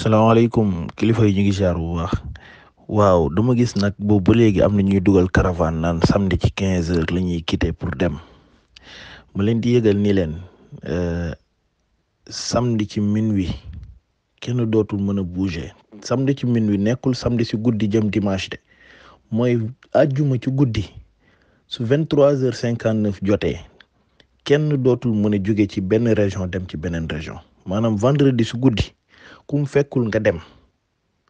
salaamaaleykum kilifa yi ñu ngi ziar bu baax waaw dama gis nag boobu ba léegi am na ñuy dugal caravane naan samedi ci quinze heures la ñuy quitter pour dem ma leen di yëgal ni leen euh, samedi ci minuit kenn dootul mën a bouger samedi ci minuit nekkul samedi si guddi jëm dimanche de mooy àjjuma ci guddi su vingt trois cinquante neuf jotee kenn dootul mën a jóge ci benn région dem ci beneen région maanaam vendredi su guddi. kum fekkul nga dem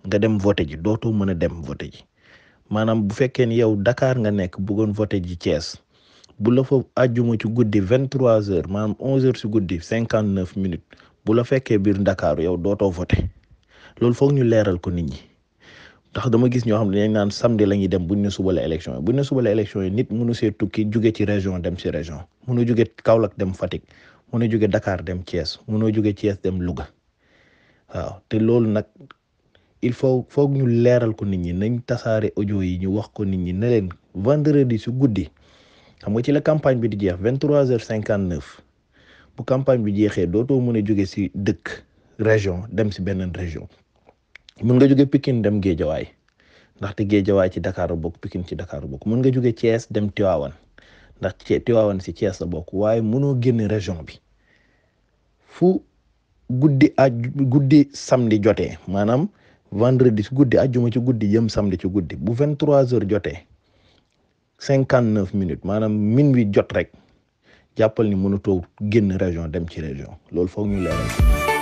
nga dem voté ji dootoo mën a dem voté ji maanaam bu fekkee ni yow Dakar nga nekk bëggoon voté ji Thiès bu la fa àjjuma ci guddi vingt trois heures maanaam onze heures ci guddi cinquante neuf minutes bu la fekkee biir Dakar yow dootoo voté loolu foog ñu leeral ko nit ñi ndax dama gis ñoo xam ne dañ la ñuy dem buñ ne suba la élection yi buñ ne suba la élection yi nit mënu see tukki jóge ci région dem ci région mënu jóge Kaolack dem Fatick mënu juge Dakar dem Thiès mënu jóge Thiès dem Louga. waaw te loolu nag il faut foog ñu leeral ko nit ñi nañ tasaare audio yi ñu wax ko nit ñi ne leen vendredi su guddi xam nga ci la campagne bi di jeex vingt trois cinquante neuf bu campagne bi jeexee dootoo mën a jóge si dëkk région dem si beneen région mën nga jóge pikin dem Géejawaay ndaxte Géejawaay ci Dakar bokk Pikine ci Dakar bokk mën nga jóge cees dem Tivaouane ndax Tivaouane si Thiès sa bokk waaye mënoo génn région bi fu guddi aj guddi samedi jotee maanaam vendredi ci guddi ajjuma ci guddi jëm samedi ci guddi bu vingt trois heures jotee cinquante neuf minutes maanaam minuit jot rek jàppal ni mënutoo génn région dem ci région loolu foog ñu